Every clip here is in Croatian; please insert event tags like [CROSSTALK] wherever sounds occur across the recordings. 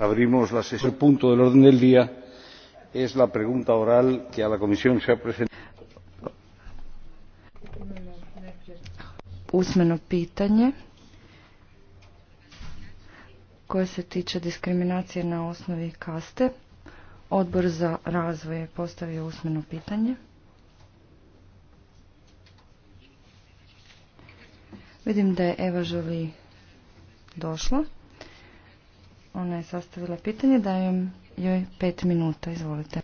abrimos la sesión. El punto del orden del día es la pregunta oral que a la comisión se ha presentado. Usmeno pitanje koje se tiče diskriminacije na osnovi kaste. Odbor za razvoj je postavio usmeno pitanje. Vidim da je Eva želi došla. Ona je sastavila pitanje, dajem joj pet minuta, izvolite.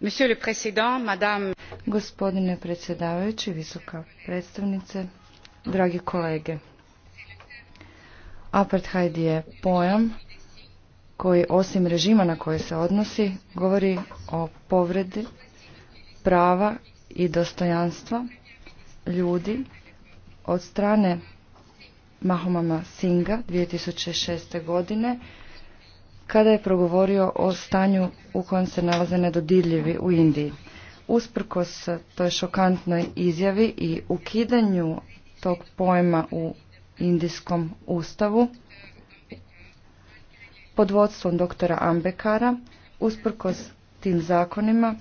Monsieur le Président, Madame... Gospodine predsjedavajući, visoka predstavnice, dragi kolege. Apartheid je pojam koji osim režima na koje se odnosi govori o povredi prava i dostojanstva ljudi od strane Mahomama Singa 2006. godine kada je progovorio o stanju u kojem se nalaze nedodirljivi u Indiji. Usprkos toj šokantnoj izjavi i ukidanju tog pojma u indijskom ustavu pod vodstvom doktora Ambekara, usprkos tim zakonima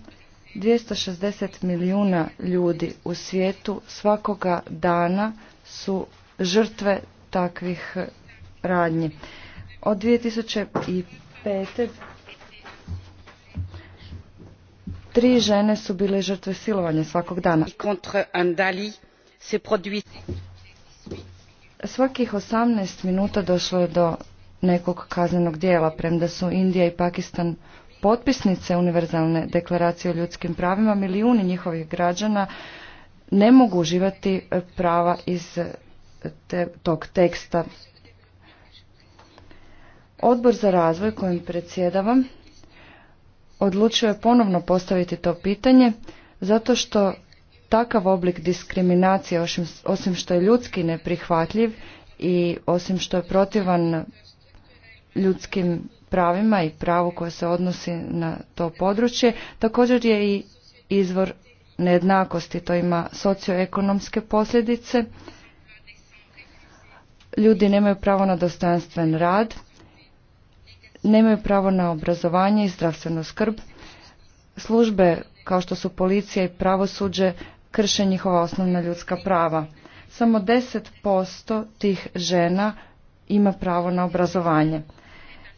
260 milijuna ljudi u svijetu svakoga dana su žrtve takvih radnji. Od 2005. tri žene su bile žrtve silovanja svakog dana. Svakih 18 minuta došlo je do nekog kaznenog dijela, premda su Indija i Pakistan potpisnice Univerzalne deklaracije o ljudskim pravima milijuni njihovih građana ne mogu uživati e, prava iz e, tog teksta. Odbor za razvoj kojim predsjedavam odlučio je ponovno postaviti to pitanje zato što takav oblik diskriminacije osim što je ljudski neprihvatljiv i osim što je protivan ljudskim pravima i pravu koje se odnosi na to područje. Također je i izvor nejednakosti, to ima socioekonomske posljedice. Ljudi nemaju pravo na dostojanstven rad, nemaju pravo na obrazovanje i zdravstvenu skrb. Službe kao što su policija i pravosuđe krše njihova osnovna ljudska prava. Samo 10% tih žena ima pravo na obrazovanje.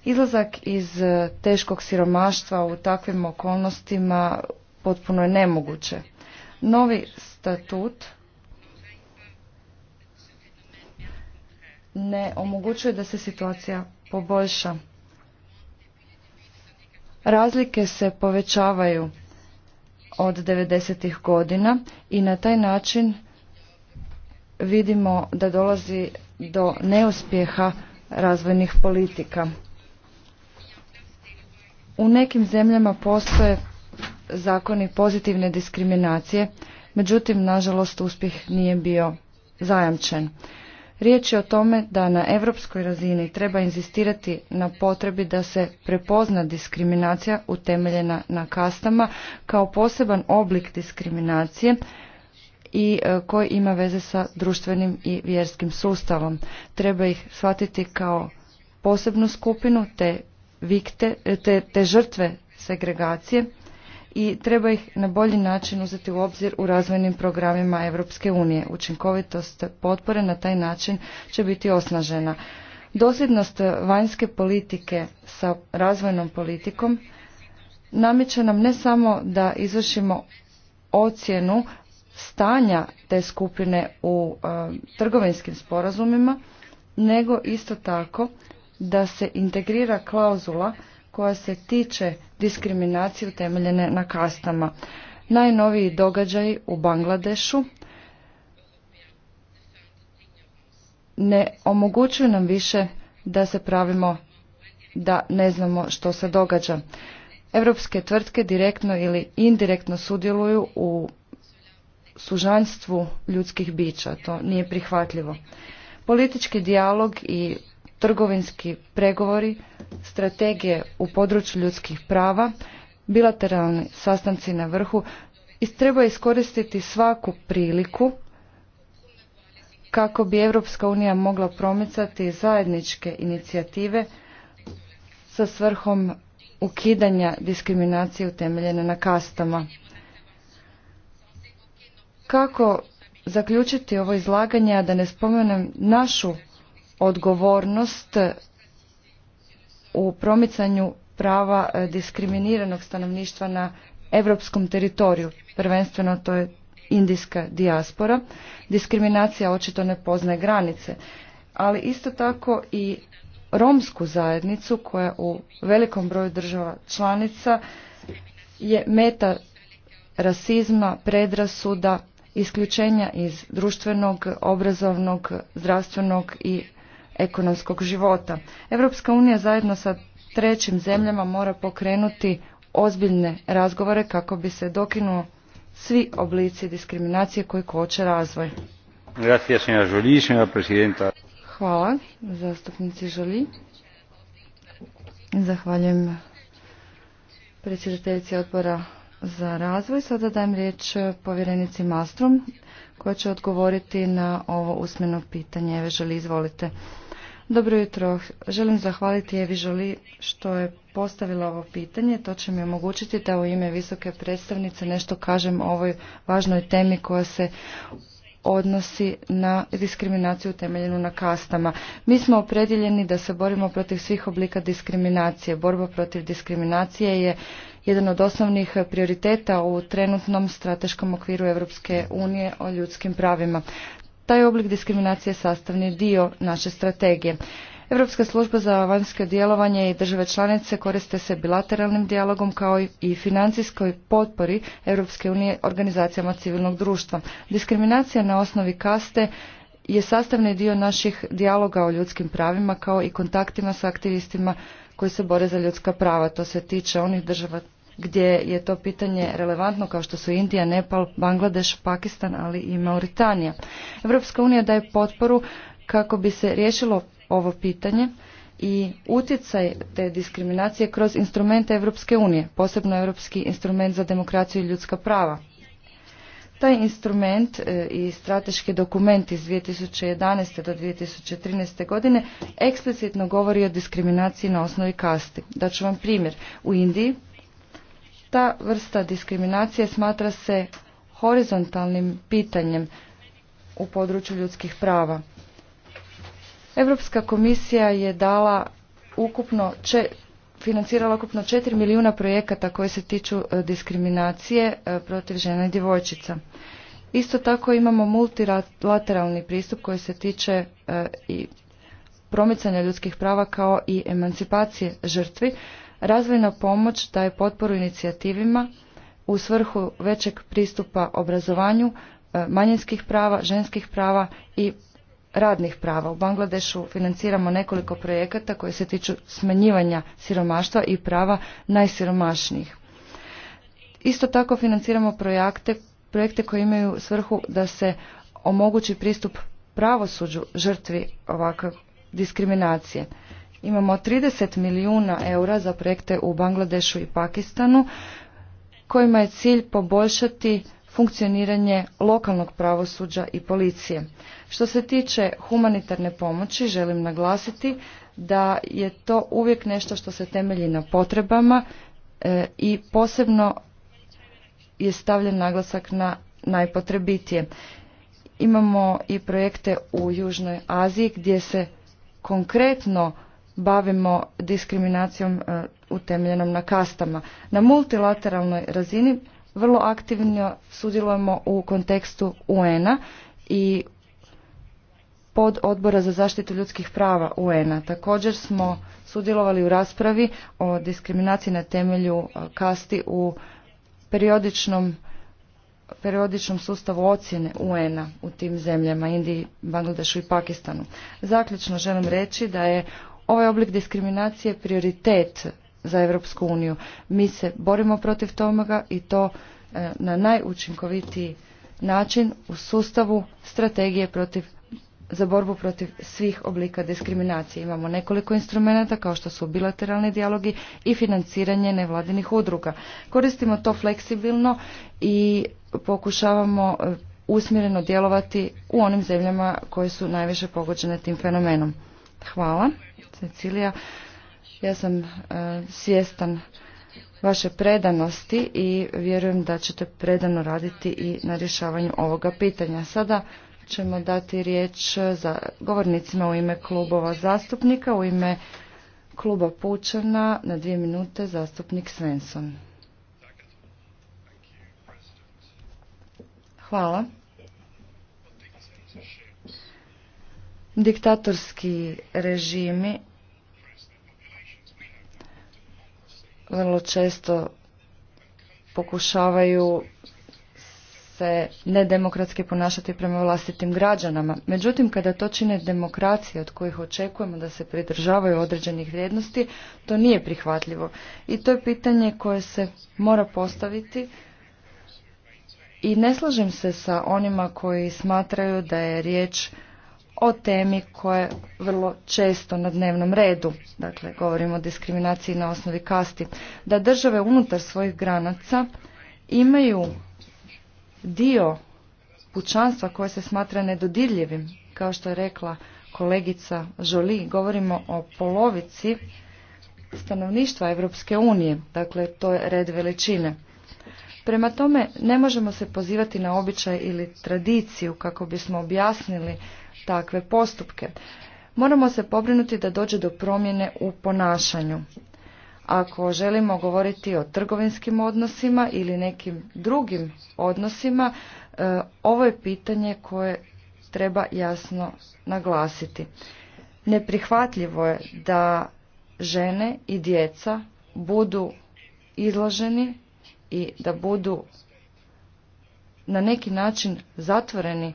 Izlazak iz e, teškog siromaštva u takvim okolnostima potpuno je nemoguće. Novi statut ne omogućuje da se situacija poboljša. Razlike se povećavaju od 90. godina i na taj način vidimo da dolazi do neuspjeha razvojnih politika. U nekim zemljama postoje zakoni pozitivne diskriminacije, međutim, nažalost, uspjeh nije bio zajamčen. Riječ je o tome da na europskoj razini treba inzistirati na potrebi da se prepozna diskriminacija utemeljena na kastama kao poseban oblik diskriminacije i e, koji ima veze sa društvenim i vjerskim sustavom. Treba ih shvatiti kao posebnu skupinu te vikte, e, te, te žrtve segregacije i treba ih na bolji način uzeti u obzir u razvojnim programima Europske unije. Učinkovitost potpore na taj način će biti osnažena. Dosljednost vanjske politike sa razvojnom politikom nameće nam ne samo da izvršimo ocjenu stanja te skupine u e, trgovinskim sporazumima, nego isto tako da se integrira klauzula koja se tiče diskriminacije utemeljene na kastama. Najnoviji događaji u Bangladešu ne omogućuju nam više da se pravimo da ne znamo što se događa. Europske tvrtke direktno ili indirektno sudjeluju u sužanjstvu ljudskih bića. To nije prihvatljivo. Politički dijalog i trgovinski pregovori, strategije u području ljudskih prava, bilateralni sastanci na vrhu i treba iskoristiti svaku priliku kako bi Europska unija mogla promicati zajedničke inicijative sa svrhom ukidanja diskriminacije utemeljene na kastama. Kako zaključiti ovo izlaganje, a da ne spomenem našu odgovornost u promicanju prava e, diskriminiranog stanovništva na europskom teritoriju. Prvenstveno to je indijska dijaspora. Diskriminacija očito ne poznaje granice, ali isto tako i romsku zajednicu koja u velikom broju država članica je meta rasizma, predrasuda, isključenja iz društvenog, obrazovnog, zdravstvenog i ekonomskog života. Europska unija zajedno sa trećim zemljama mora pokrenuti ozbiljne razgovore kako bi se dokinuo svi oblici diskriminacije koji koče razvoj. Hvala, zastupnici Žoli. Zahvaljujem predsjedateljici odbora za razvoj. Sada dajem riječ povjerenici Mastrom koja će odgovoriti na ovo usmeno pitanje. Evo želi, izvolite. Dobro jutro. Želim zahvaliti Evi Žoli što je postavila ovo pitanje. To će mi omogućiti da u ime visoke predstavnice nešto kažem o ovoj važnoj temi koja se odnosi na diskriminaciju temeljenu na kastama. Mi smo opredjeljeni da se borimo protiv svih oblika diskriminacije. Borba protiv diskriminacije je jedan od osnovnih prioriteta u trenutnom strateškom okviru Europske unije o ljudskim pravima. Taj oblik diskriminacije je sastavni dio naše strategije. Europska služba za vanjsko djelovanje i države članice koriste se bilateralnim dijalogom kao i financijskoj potpori Europske unije organizacijama civilnog društva. Diskriminacija na osnovi kaste je sastavni dio naših dijaloga o ljudskim pravima kao i kontaktima sa aktivistima koji se bore za ljudska prava. To se tiče onih država gdje je to pitanje relevantno kao što su Indija, Nepal, Bangladeš, Pakistan, ali i Mauritanija. Europska unija daje potporu kako bi se riješilo ovo pitanje i utjecaj te diskriminacije kroz instrumente Europske unije, posebno Europski instrument za demokraciju i ljudska prava. Taj instrument e, i strateški dokument iz 2011. do 2013. godine eksplicitno govori o diskriminaciji na osnovi kasti. Daću vam primjer. U Indiji ta vrsta diskriminacije smatra se horizontalnim pitanjem u području ljudskih prava. Europska komisija je dala ukupno če, financirala ukupno 4 milijuna projekata koji se tiču e, diskriminacije e, protiv žena i djevojčica. Isto tako imamo multilateralni pristup koji se tiče e, i promicanja ljudskih prava kao i emancipacije žrtvi Razvojna pomoć daje potporu inicijativima u svrhu većeg pristupa obrazovanju, e, manjinskih prava, ženskih prava i radnih prava. U Bangladešu financiramo nekoliko projekata koji se tiču smanjivanja siromaštva i prava najsiromašnijih. Isto tako financiramo projekte, projekte koji imaju svrhu da se omogući pristup pravosuđu žrtvi ovakve diskriminacije. Imamo 30 milijuna eura za projekte u Bangladešu i Pakistanu kojima je cilj poboljšati funkcioniranje lokalnog pravosuđa i policije. Što se tiče humanitarne pomoći, želim naglasiti da je to uvijek nešto što se temelji na potrebama e, i posebno je stavljen naglasak na najpotrebitije. Imamo i projekte u Južnoj Aziji gdje se konkretno bavimo diskriminacijom e, utemljenom na kastama. Na multilateralnoj razini vrlo aktivno sudjelujemo u kontekstu UN-a i pod odbora za zaštitu ljudskih prava UN-a. Također smo sudjelovali u raspravi o diskriminaciji na temelju e, kasti u periodičnom periodičnom sustavu ocjene UN-a u tim zemljama, Indiji, Bangladešu i Pakistanu. Zaključno želim reći da je ovaj oblik diskriminacije je prioritet za Europsku uniju. Mi se borimo protiv toga i to e, na najučinkovitiji način u sustavu strategije protiv za borbu protiv svih oblika diskriminacije. Imamo nekoliko instrumenta kao što su bilateralni dijalogi i financiranje nevladinih udruga. Koristimo to fleksibilno i pokušavamo e, usmjereno djelovati u onim zemljama koje su najviše pogođene tim fenomenom. Hvala. Cecilija. Ja sam e, svjestan vaše predanosti i vjerujem da ćete predano raditi i na rješavanju ovoga pitanja. Sada ćemo dati riječ e, za govornicima u ime klubova zastupnika, u ime kluba Pučana na dvije minute zastupnik Svensson. Hvala. Diktatorski režimi vrlo često pokušavaju se nedemokratski ponašati prema vlastitim građanama. Međutim, kada to čine demokracije od kojih očekujemo da se pridržavaju određenih vrijednosti, to nije prihvatljivo. I to je pitanje koje se mora postaviti i ne slažem se sa onima koji smatraju da je riječ o temi koja je vrlo često na dnevnom redu, dakle govorimo o diskriminaciji na osnovi kasti, da države unutar svojih granaca imaju dio pučanstva koje se smatra nedodirljivim, kao što je rekla kolegica Žoli, govorimo o polovici stanovništva Europske unije, dakle to je red veličine. Prema tome ne možemo se pozivati na običaj ili tradiciju kako bismo objasnili takve postupke. Moramo se pobrinuti da dođe do promjene u ponašanju. Ako želimo govoriti o trgovinskim odnosima ili nekim drugim odnosima, e, ovo je pitanje koje treba jasno naglasiti. Neprihvatljivo je da žene i djeca budu izloženi i da budu na neki način zatvoreni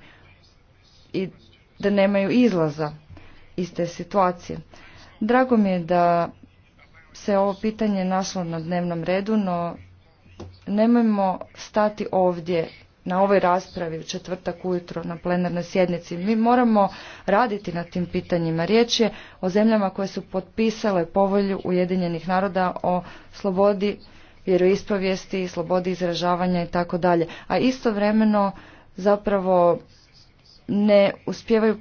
i da nemaju izlaza iz te situacije. Drago mi je da se ovo pitanje našlo na dnevnom redu, no nemojmo stati ovdje na ovoj raspravi u četvrtak ujutro na plenarnoj sjednici. Mi moramo raditi na tim pitanjima. Riječ je o zemljama koje su potpisale povolju Ujedinjenih naroda o slobodi vjeroispovijesti, slobodi izražavanja i tako dalje. A istovremeno zapravo ne uspijevaju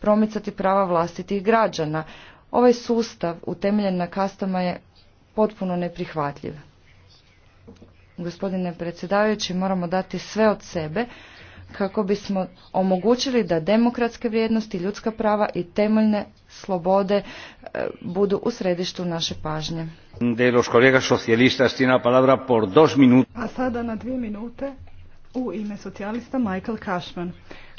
promicati prava vlastitih građana. Ovaj sustav utemeljen na kastama je potpuno neprihvatljiv. Gospodine predsjedavajući, moramo dati sve od sebe kako bismo omogućili da demokratske vrijednosti, ljudska prava i temeljne slobode e, budu u središtu naše pažnje. por A sada na dvije minute u ime socijalista Michael Cashman.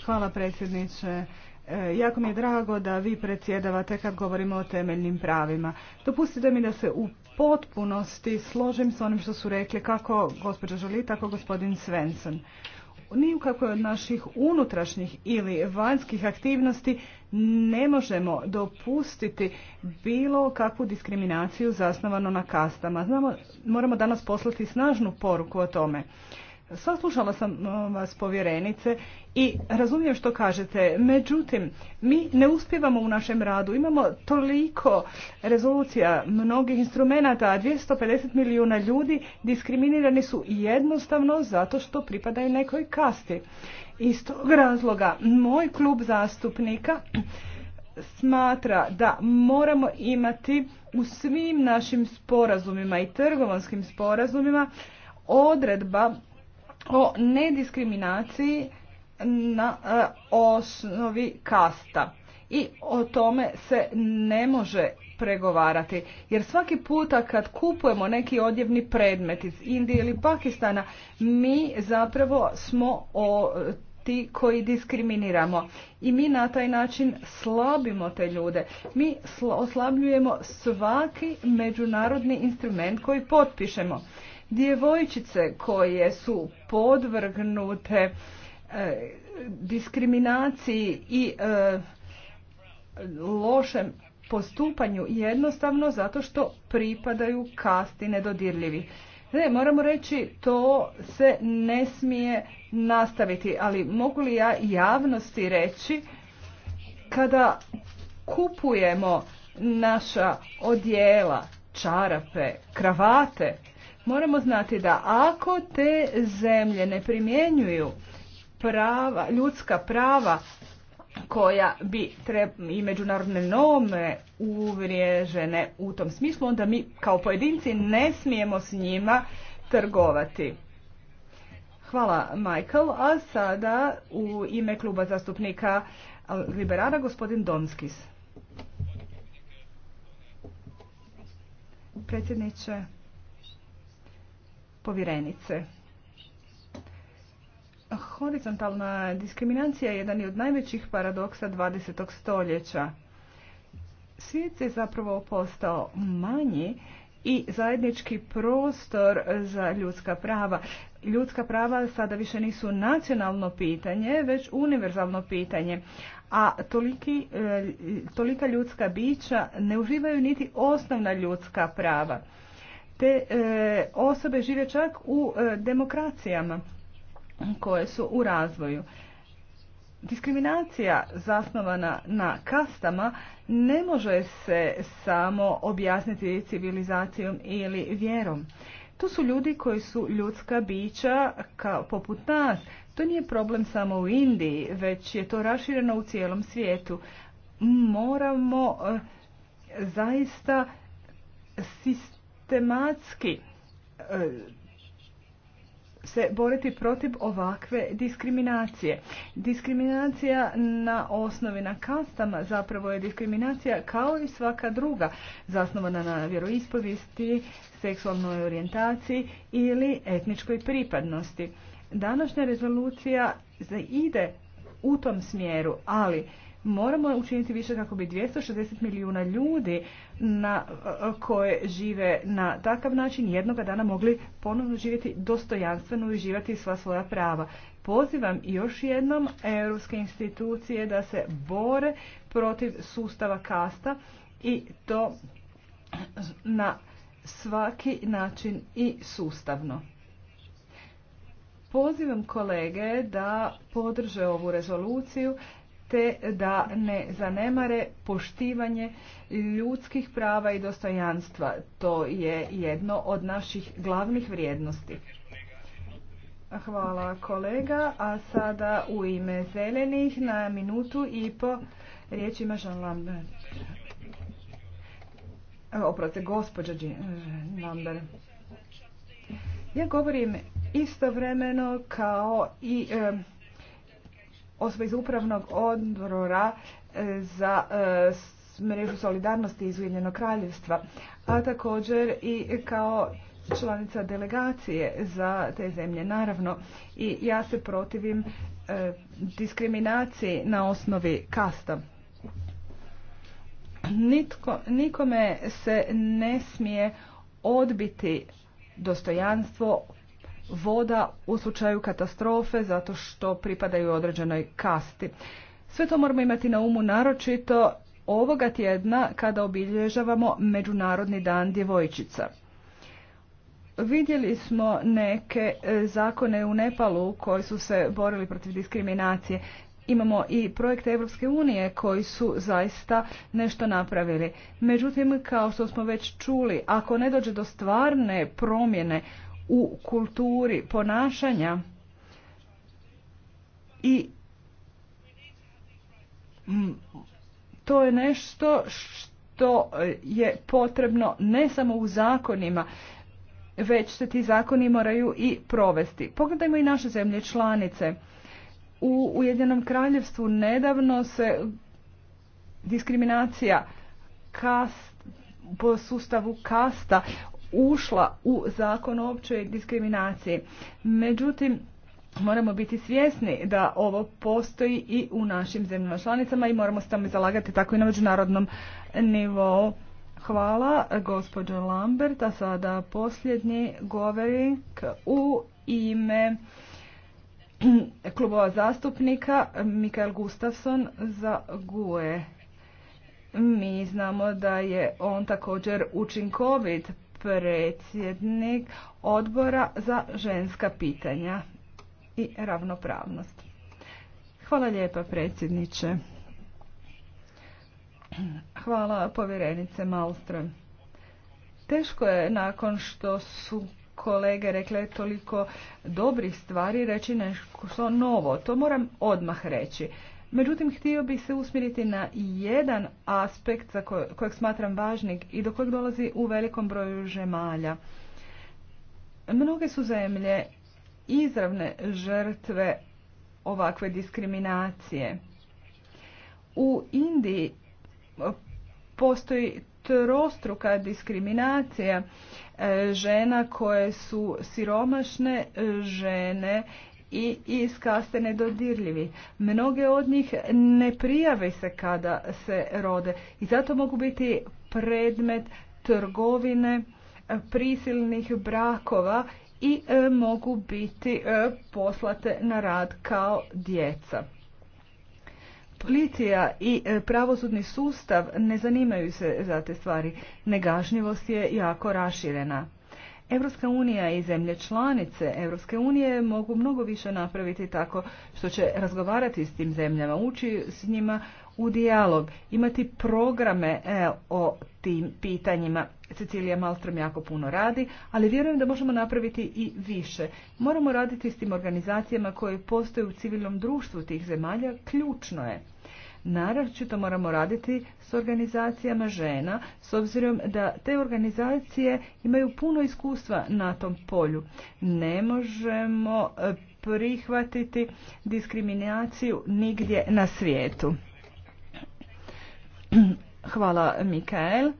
Hvala predsjedniče. E, jako mi je drago da vi predsjedavate kad govorimo o temeljnim pravima. Dopustite mi da se u potpunosti složim s onim što su rekli kako gospođa Žoli, tako gospodin Svensson. Ni u kakvoj od naših unutrašnjih ili vanjskih aktivnosti ne možemo dopustiti bilo kakvu diskriminaciju zasnovano na kastama. Znamo, moramo danas poslati snažnu poruku o tome. Saslušala sam vas povjerenice i razumijem što kažete. Međutim, mi ne uspjevamo u našem radu. Imamo toliko rezolucija, mnogih instrumenata, 250 milijuna ljudi diskriminirani su jednostavno zato što pripadaju nekoj kasti. Iz tog razloga moj klub zastupnika smatra da moramo imati u svim našim sporazumima i trgovanskim sporazumima odredba o nediskriminaciji na e, osnovi kasta. I o tome se ne može pregovarati. Jer svaki puta kad kupujemo neki odjevni predmet iz Indije ili Pakistana, mi zapravo smo o, ti koji diskriminiramo. I mi na taj način slabimo te ljude. Mi oslabljujemo svaki međunarodni instrument koji potpišemo djevojčice koje su podvrgnute e, diskriminaciji i e, lošem postupanju jednostavno zato što pripadaju kasti nedodirljivi. Ne, moramo reći to se ne smije nastaviti, ali mogu li ja javnosti reći kada kupujemo naša odjela, čarape, kravate, moramo znati da ako te zemlje ne primjenjuju prava, ljudska prava koja bi i međunarodne nome uvriježene u tom smislu, onda mi kao pojedinci ne smijemo s njima trgovati. Hvala Michael, a sada u ime kluba zastupnika liberala gospodin Donskis. Predsjedniče, povjerenice. Horizontalna diskriminacija je jedan od najvećih paradoksa 20. stoljeća. Svijet je zapravo postao manji i zajednički prostor za ljudska prava. Ljudska prava sada više nisu nacionalno pitanje, već univerzalno pitanje. A toliki, e, tolika ljudska bića ne uživaju niti osnovna ljudska prava te e, osobe žive čak u e, demokracijama koje su u razvoju. Diskriminacija zasnovana na kastama ne može se samo objasniti civilizacijom ili vjerom. To su ljudi koji su ljudska bića kao, poput nas. To nije problem samo u Indiji, već je to rašireno u cijelom svijetu. Moramo e, zaista Tematski e, se boriti protiv ovakve diskriminacije. Diskriminacija na osnovi na kastama zapravo je diskriminacija kao i svaka druga, zasnovana na vjeroispovijesti, seksualnoj orijentaciji ili etničkoj pripadnosti. Današnja rezolucija ide u tom smjeru, ali Moramo učiniti više kako bi 260 milijuna ljudi na, koje žive na takav način jednoga dana mogli ponovno živjeti dostojanstveno i živjeti sva svoja prava. Pozivam još jednom europske institucije da se bore protiv sustava kasta i to na svaki način i sustavno. Pozivam kolege da podrže ovu rezoluciju te da ne zanemare poštivanje ljudskih prava i dostojanstva. To je jedno od naših glavnih vrijednosti. Hvala kolega, a sada u ime zelenih na minutu i po riječ ima Jean Lambert. gospođa Jean Lambert. Ja govorim istovremeno kao i osoba iz upravnog odbora e, za e, mrežu solidarnosti iz Ujedinjenog kraljevstva, a također i kao članica delegacije za te zemlje. Naravno, i ja se protivim e, diskriminaciji na osnovi kasta. nikome se ne smije odbiti dostojanstvo, voda u slučaju katastrofe zato što pripadaju određenoj kasti. Sve to moramo imati na umu naročito ovoga tjedna kada obilježavamo Međunarodni dan djevojčica. Vidjeli smo neke e, zakone u Nepalu koji su se borili protiv diskriminacije. Imamo i projekte Europske unije koji su zaista nešto napravili. Međutim, kao što smo već čuli, ako ne dođe do stvarne promjene u kulturi ponašanja i to je nešto što je potrebno ne samo u zakonima, već se ti zakoni moraju i provesti. Pogledajmo i naše zemlje članice. U Ujedinjenom kraljevstvu nedavno se diskriminacija kast, po sustavu kasta ušla u zakon o općoj diskriminaciji. Međutim, moramo biti svjesni da ovo postoji i u našim zemljama članicama i moramo se tamo zalagati tako i na međunarodnom nivou. Hvala gospođo Lambert, a sada posljednji govornik u ime klubova zastupnika Mikael Gustafsson za GUE. Mi znamo da je on također učinkovit predsjednik odbora za ženska pitanja i ravnopravnost. Hvala lijepa predsjedniče. Hvala povjerenice Malström. Teško je nakon što su kolege rekle toliko dobrih stvari reći nešto novo. To moram odmah reći. Međutim, htio bih se usmjeriti na jedan aspekt za kojeg, smatram važnim i do kojeg dolazi u velikom broju žemalja. Mnoge su zemlje izravne žrtve ovakve diskriminacije. U Indiji postoji trostruka diskriminacija e, žena koje su siromašne, žene i iskaste nedodirljivi. Mnoge od njih ne prijave se kada se rode i zato mogu biti predmet trgovine, e, prisilnih brakova i e, mogu biti e, poslate na rad kao djeca. Policija i pravosudni sustav ne zanimaju se za te stvari. Negažnjivost je jako raširena. Europska unija i zemlje članice Europske unije mogu mnogo više napraviti tako što će razgovarati s tim zemljama, ući s njima u dijalog, imati programe e, o tim pitanjima. Cecilija Malstrom jako puno radi, ali vjerujem da možemo napraviti i više. Moramo raditi s tim organizacijama koje postoje u civilnom društvu tih zemalja, ključno je. Naročito moramo raditi s organizacijama žena, s obzirom da te organizacije imaju puno iskustva na tom polju. Ne možemo e, prihvatiti diskriminaciju nigdje na svijetu. [CLEARS THROAT] Hvala Mikael.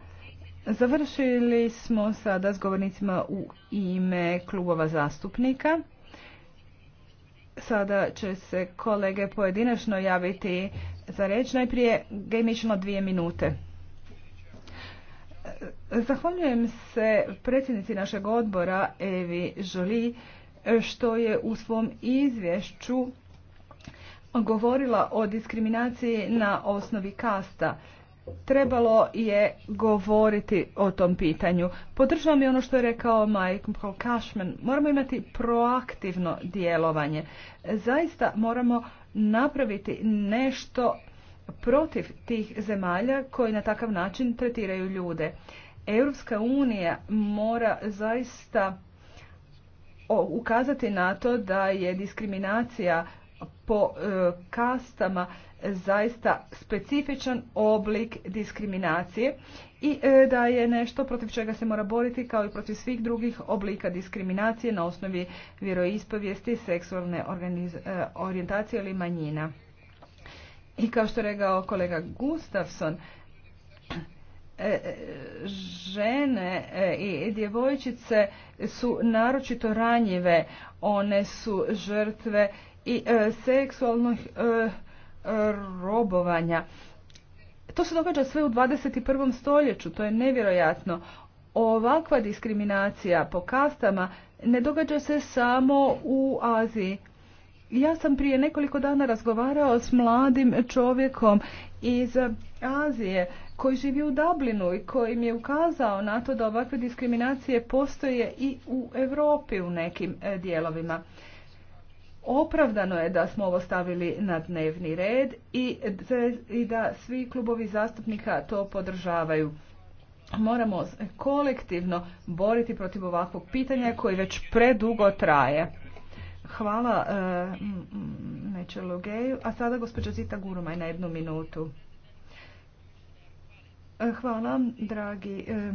Završili smo sada s govornicima u ime klubova zastupnika. Sada će se kolege pojedinačno javiti za reč. Najprije gemično dvije minute. Zahvaljujem se predsjednici našeg odbora Evi Žoli što je u svom izvješću govorila o diskriminaciji na osnovi kasta. Trebalo je govoriti o tom pitanju. Podržavam i ono što je rekao Michael Cashman. Moramo imati proaktivno djelovanje. Zaista moramo napraviti nešto protiv tih zemalja koji na takav način tretiraju ljude. Europska unija mora zaista ukazati na to da je diskriminacija po e, kastama zaista specifičan oblik diskriminacije i e, da je nešto protiv čega se mora boriti kao i protiv svih drugih oblika diskriminacije na osnovi vjeroispovijesti, seksualne e, orijentacije ili manjina. I kao što je rekao kolega Gustafson, žene i djevojčice su naročito ranjive, one su žrtve i e, seksualnog e, robovanja. To se događa sve u 21. stoljeću, to je nevjerojatno. Ovakva diskriminacija po kastama ne događa se samo u Aziji. Ja sam prije nekoliko dana razgovarao s mladim čovjekom iz Azije koji živi u Dublinu i koji mi je ukazao na to da ovakve diskriminacije postoje i u Europi u nekim e, dijelovima. Opravdano je da smo ovo stavili na dnevni red i, i da svi klubovi zastupnika to podržavaju. Moramo kolektivno boriti protiv ovakvog pitanja koji već predugo traje. Hvala e, Neće Logeju. A sada gospođa Zita Gurumaj na jednu minutu. E, hvala, dragi e,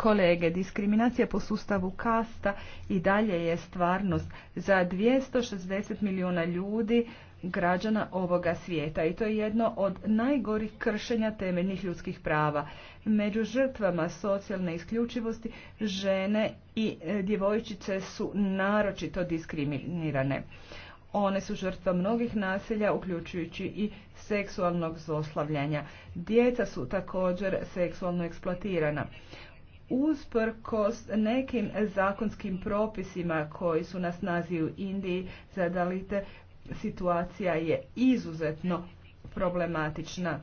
kolege, diskriminacija po sustavu kasta i dalje je stvarnost za 260 milijuna ljudi građana ovoga svijeta i to je jedno od najgorih kršenja temeljnih ljudskih prava. Među žrtvama socijalne isključivosti žene i e, djevojčice su naročito diskriminirane. One su žrtva mnogih nasilja, uključujući i seksualnog zoslavljanja. Djeca su također seksualno eksploatirana. Usprkos nekim zakonskim propisima koji su na snazi Indiji zadalite, situacija je izuzetno problematična.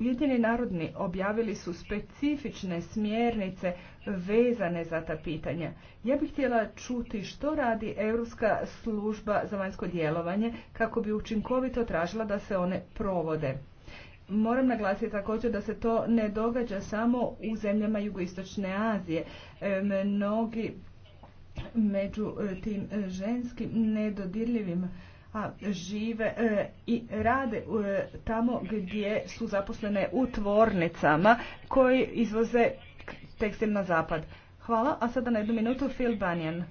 Ujedinjeni narodni objavili su specifične smjernice vezane za ta pitanja. Ja bih htjela čuti što radi Europska služba za vanjsko djelovanje kako bi učinkovito tražila da se one provode. Moram naglasiti također da se to ne događa samo u zemljama jugoistočne Azije. E, mnogi među e, tim e, ženskim nedodirljivim a žive e, i rade e, tamo gdje su zaposlene u tvornicama koji izvoze tekstil na zapad. Hvala, a sada na jednu minutu Phil Bunyan.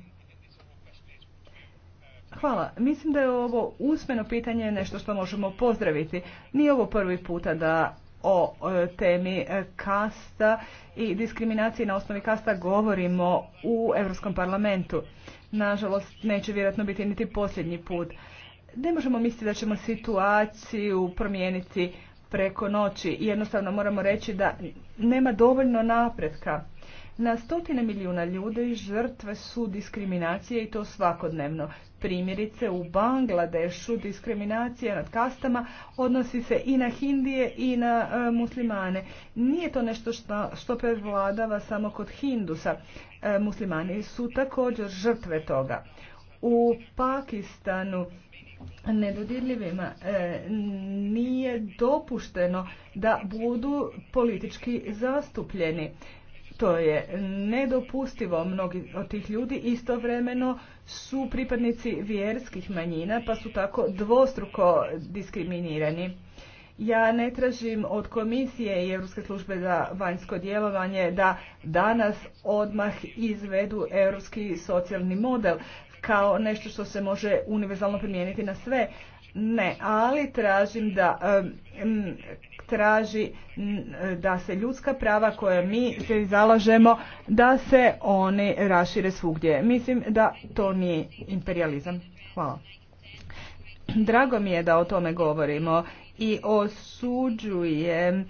Hvala. Mislim da je ovo usmeno pitanje nešto što možemo pozdraviti. Nije ovo prvi puta da o e, temi kasta i diskriminaciji na osnovi kasta govorimo u Europskom parlamentu. Nažalost, neće vjerojatno biti niti posljednji put. Ne možemo misliti da ćemo situaciju promijeniti preko noći. Jednostavno moramo reći da nema dovoljno napretka. Na stotine milijuna ljudi žrtve su diskriminacije i to svakodnevno. Primjerice u Bangladešu diskriminacija nad kastama odnosi se i na Hindije i na e, muslimane. Nije to nešto što, što prevladava samo kod Hindusa. E, muslimani su također žrtve toga. U Pakistanu nedodirljivima e, nije dopušteno da budu politički zastupljeni. To je nedopustivo. Mnogi od tih ljudi istovremeno su pripadnici vjerskih manjina pa su tako dvostruko diskriminirani. Ja ne tražim od komisije i Europske službe za vanjsko djelovanje da danas odmah izvedu europski socijalni model kao nešto što se može univerzalno primijeniti na sve. Ne, ali tražim da traži da se ljudska prava koje mi se zalažemo da se oni rašire svugdje. Mislim da to nije imperializam. Hvala. Drago mi je da o tome govorimo i osuđujem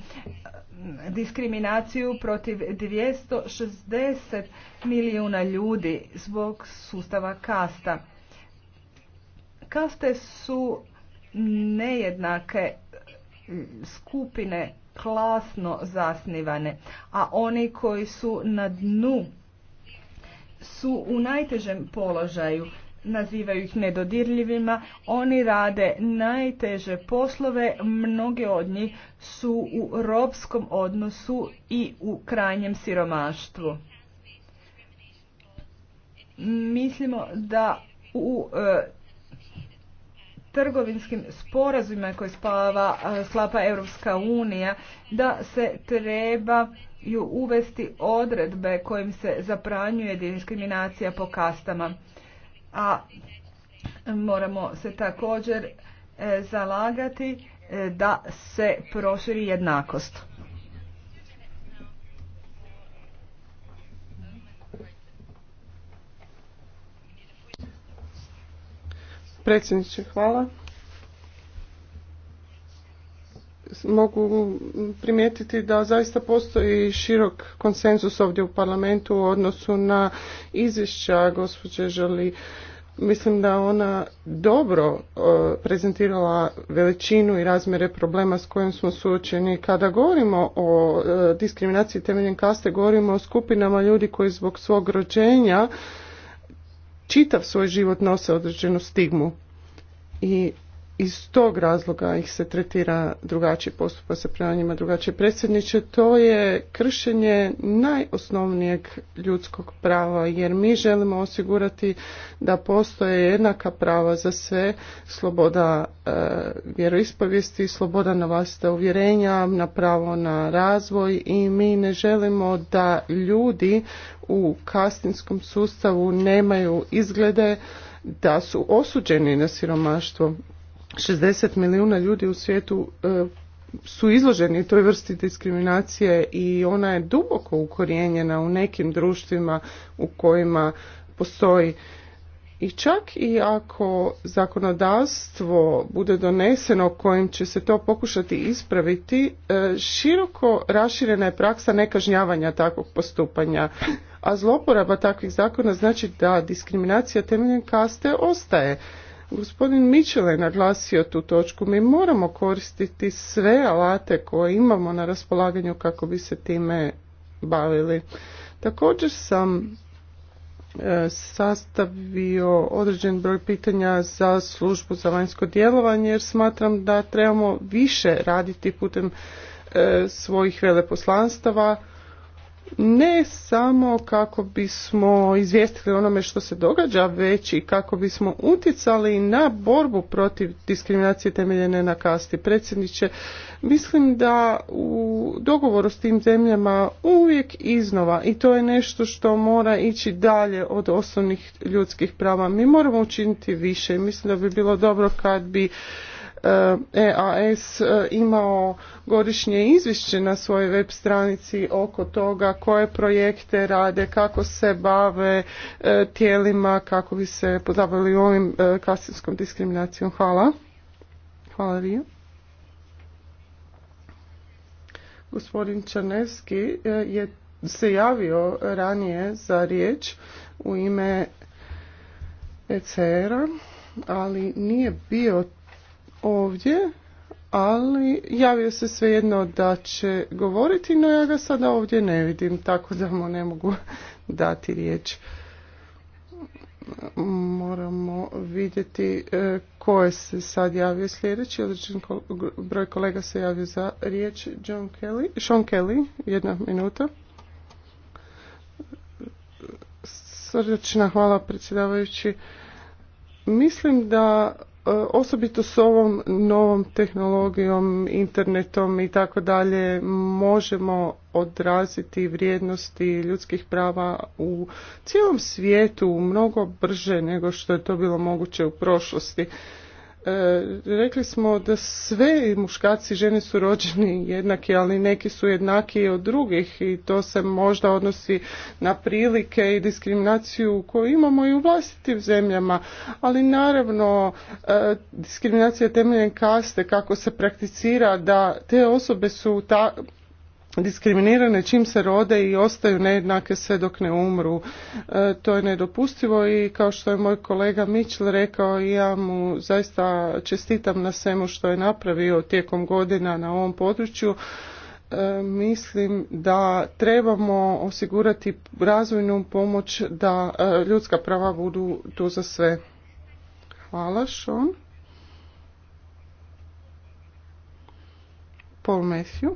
diskriminaciju protiv 260 milijuna ljudi zbog sustava kasta. Kaste su nejednake skupine klasno zasnivane, a oni koji su na dnu su u najtežem položaju nazivaju ih nedodirljivima, oni rade najteže poslove, mnoge od njih su u robskom odnosu i u krajnjem siromaštvu. Mislimo da u e, trgovinskim sporazumima koje spava, e, slapa Europska unija, da se treba uvesti odredbe kojim se zapranjuje diskriminacija po kastama a moramo se također e, zalagati e, da se proširi jednakost. Predsjedniče, hvala mogu primijetiti da zaista postoji širok konsenzus ovdje u parlamentu u odnosu na izvješća gospođe Žali. Mislim da ona dobro e, prezentirala veličinu i razmjere problema s kojim smo suočeni. Kada govorimo o e, diskriminaciji temeljem kaste, govorimo o skupinama ljudi koji zbog svog rođenja čitav svoj život nose određenu stigmu. I iz tog razloga ih se tretira drugačije, postupa se prema njima drugačije. Predsjedniče, to je kršenje najosnovnijeg ljudskog prava, jer mi želimo osigurati da postoje jednaka prava za sve, sloboda e, vjeroispovijesti, sloboda na vlastite uvjerenja, na pravo na razvoj i mi ne želimo da ljudi u kastinskom sustavu nemaju izglede da su osuđeni na siromaštvo 60 milijuna ljudi u svijetu e, su izloženi toj vrsti diskriminacije i ona je duboko ukorijenjena u nekim društvima u kojima postoji i čak i ako zakonodavstvo bude doneseno kojim će se to pokušati ispraviti, e, široko raširena je praksa nekažnjavanja takvog postupanja. A zloporaba takvih zakona znači da diskriminacija temeljem kaste ostaje. Gospodin Mitchell je naglasio tu točku. Mi moramo koristiti sve alate koje imamo na raspolaganju kako bi se time bavili. Također sam e, sastavio određen broj pitanja za službu za vanjsko djelovanje jer smatram da trebamo više raditi putem e, svojih veleposlanstava ne samo kako bismo izvijestili onome što se događa, već i kako bismo utjecali na borbu protiv diskriminacije temeljene na kasti. Predsjedniče, mislim da u dogovoru s tim zemljama uvijek iznova i to je nešto što mora ići dalje od osnovnih ljudskih prava. Mi moramo učiniti više i mislim da bi bilo dobro kad bi EAS e e, imao godišnje izvješće na svojoj web stranici oko toga koje projekte rade, kako se bave e, tijelima, kako bi se pozabavili ovim kasinskom diskriminacijom. Hvala. Hvala vi. Gospodin Čarnevski je se javio ranije za riječ u ime ECR-a, ali nije bio ovdje, ali javio se svejedno da će govoriti, no ja ga sada ovdje ne vidim, tako da mu ne mogu [LAUGHS] dati riječ. Moramo vidjeti e, ko je se sad javio sljedeći. Određen broj kolega se javio za riječ. John Kelly, Sean Kelly, jedna minuta. Srdečna hvala predsjedavajući. Mislim da E, osobito s ovom novom tehnologijom, internetom i tako dalje možemo odraziti vrijednosti ljudskih prava u cijelom svijetu mnogo brže nego što je to bilo moguće u prošlosti. E, rekli smo da sve muškarci i žene su rođeni jednaki, ali neki su jednaki od drugih i to se možda odnosi na prilike i diskriminaciju koju imamo i u vlastitim zemljama, ali naravno e, diskriminacija temeljem kaste kako se prakticira da te osobe su ta, diskriminirane čim se rode i ostaju nejednake sve dok ne umru. E, to je nedopustivo i kao što je moj kolega Mitchell rekao ja mu zaista čestitam na svemu što je napravio tijekom godina na ovom području. E, mislim da trebamo osigurati razvojnu pomoć da e, ljudska prava budu tu za sve. Hvala Sean. Paul Matthew.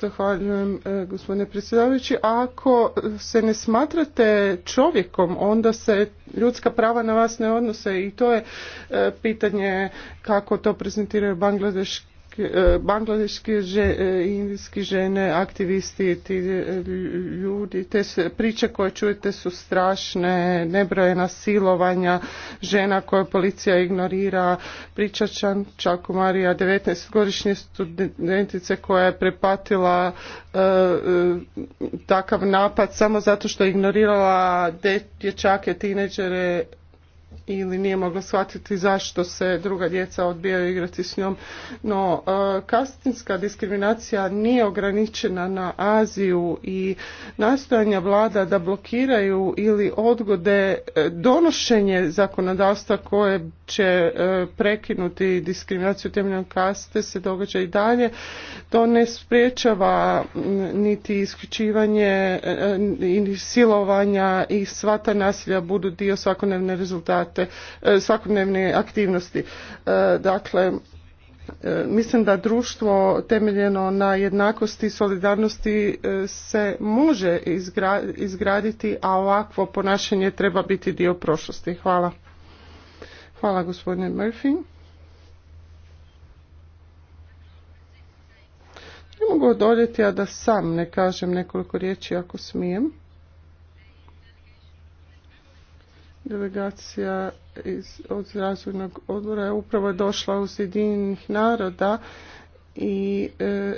Zahvaljujem e, gospodine predsjedavajući. Ako se ne smatrate čovjekom, onda se ljudska prava na vas ne odnose i to je e, pitanje kako to prezentiraju bangladeški bangladeške e, e, i indijski žene, aktivisti, ti e, ljudi, te priče koje čujete su strašne, nebrojena silovanja, žena koje policija ignorira, priča Čanku marija 19-godišnje studentice koja je prepatila takav napad samo zato što je ignorirala dječake, tineđere, ili nije mogla shvatiti zašto se druga djeca odbijaju igrati s njom. No, e, kastinska diskriminacija nije ograničena na Aziju i nastojanja vlada da blokiraju ili odgode e, donošenje zakonodavstva koje će e, prekinuti diskriminaciju temeljem kaste se događa i dalje. To ne spriječava niti isključivanje i silovanja i svata nasilja budu dio svakodnevne rezultate E, svakodnevne aktivnosti. E, dakle, e, mislim da društvo temeljeno na jednakosti i solidarnosti se može izgraditi, a ovakvo ponašanje treba biti dio prošlosti. Hvala. Hvala gospodine Murphy. Ne mogu odoljeti, a da sam ne kažem nekoliko riječi ako smijem. delegacija iz, od razvojnog odbora je upravo došla uz sjedinjenih naroda i e,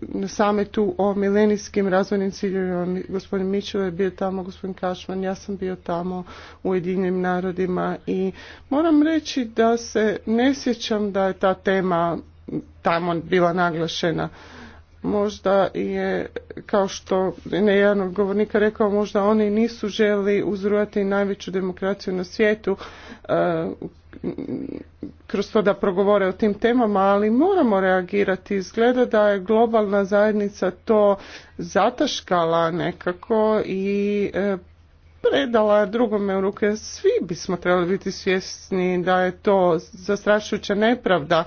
na sametu o milenijskim razvojnim ciljevima. Gospodin Mičeva je bio tamo, gospodin Kašman, ja sam bio tamo u Jedinim narodima i moram reći da se ne sjećam da je ta tema tamo bila naglašena možda je, kao što je jedan od govornika rekao, možda oni nisu želi uzrujati najveću demokraciju na svijetu eh, kroz to da progovore o tim temama, ali moramo reagirati. Izgleda da je globalna zajednica to zataškala nekako i eh, predala drugome u ruke. Svi bismo trebali biti svjesni da je to zastrašujuća nepravda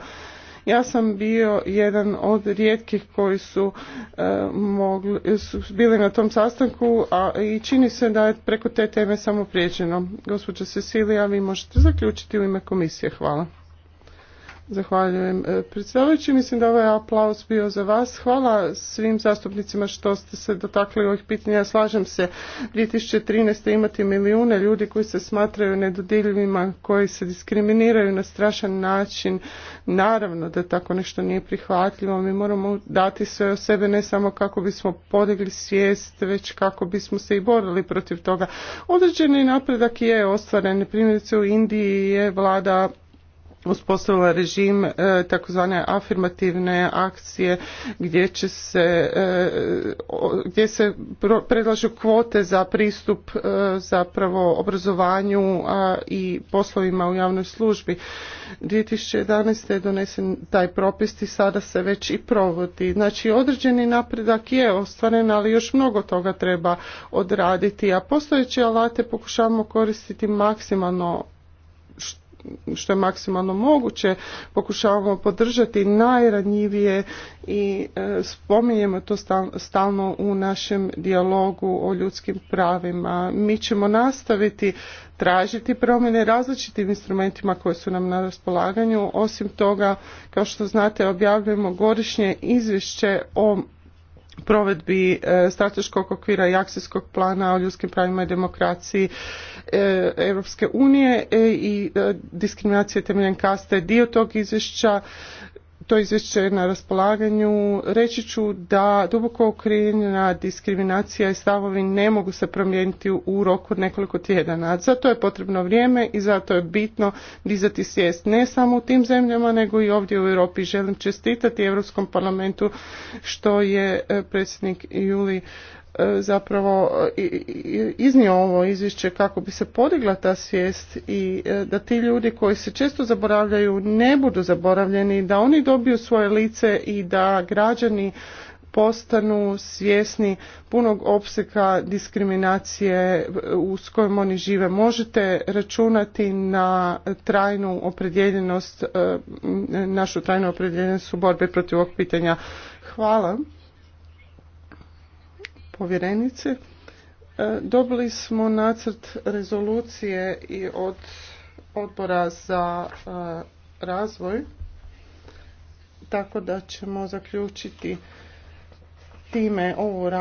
ja sam bio jedan od rijetkih koji su, e, mogli, su bili na tom sastanku a i čini se da je preko te teme samo prijeđeno. Gospođa Cecilija, vi možete zaključiti u ime komisije. Hvala. Zahvaljujem e, predsjedavajući. Mislim da ovaj aplauz bio za vas. Hvala svim zastupnicima što ste se dotakli ovih pitanja. Slažem se, 2013. imati milijune ljudi koji se smatraju nedodiljivima, koji se diskriminiraju na strašan način. Naravno da tako nešto nije prihvatljivo. Mi moramo dati sve o sebe ne samo kako bismo podigli svijest, već kako bismo se i borili protiv toga. Određeni napredak je ostvaren. Primjerice u Indiji je vlada uspostavila režim e, takozvane afirmativne akcije gdje će se e, gdje se predlažu kvote za pristup e, zapravo obrazovanju i poslovima u javnoj službi. 2011. je donesen taj propis i sada se već i provodi. Znači određeni napredak je ostvaren, ali još mnogo toga treba odraditi, a postojeće alate pokušavamo koristiti maksimalno što je maksimalno moguće, pokušavamo podržati najranjivije i e, spominjemo to stalno u našem dijalogu o ljudskim pravima. Mi ćemo nastaviti tražiti promjene različitim instrumentima koje su nam na raspolaganju. Osim toga, kao što znate, objavljujemo godišnje izvješće o provedbi e, strateškog okvira i akcijskog plana o ljudskim pravima i demokraciji e, Europske unije e, i diskriminacije temeljem kaste. Dio tog izvješća to izvješće je na raspolaganju. Reći ću da duboko okrenjena diskriminacija i stavovi ne mogu se promijeniti u roku od nekoliko tjedana. Zato je potrebno vrijeme i zato je bitno dizati svijest ne samo u tim zemljama nego i ovdje u Europi. Želim čestitati Europskom parlamentu što je e, predsjednik Juli E, zapravo e, iznio ovo izvješće kako bi se podigla ta svijest i e, da ti ljudi koji se često zaboravljaju ne budu zaboravljeni, da oni dobiju svoje lice i da građani postanu svjesni punog opseka diskriminacije s kojom oni žive. Možete računati na trajnu opredjeljenost, našu trajnu opredjeljenost u borbi protiv ovog pitanja. Hvala povjerenice. Dobili smo nacrt rezolucije i od odbora za e, razvoj, tako da ćemo zaključiti time ovu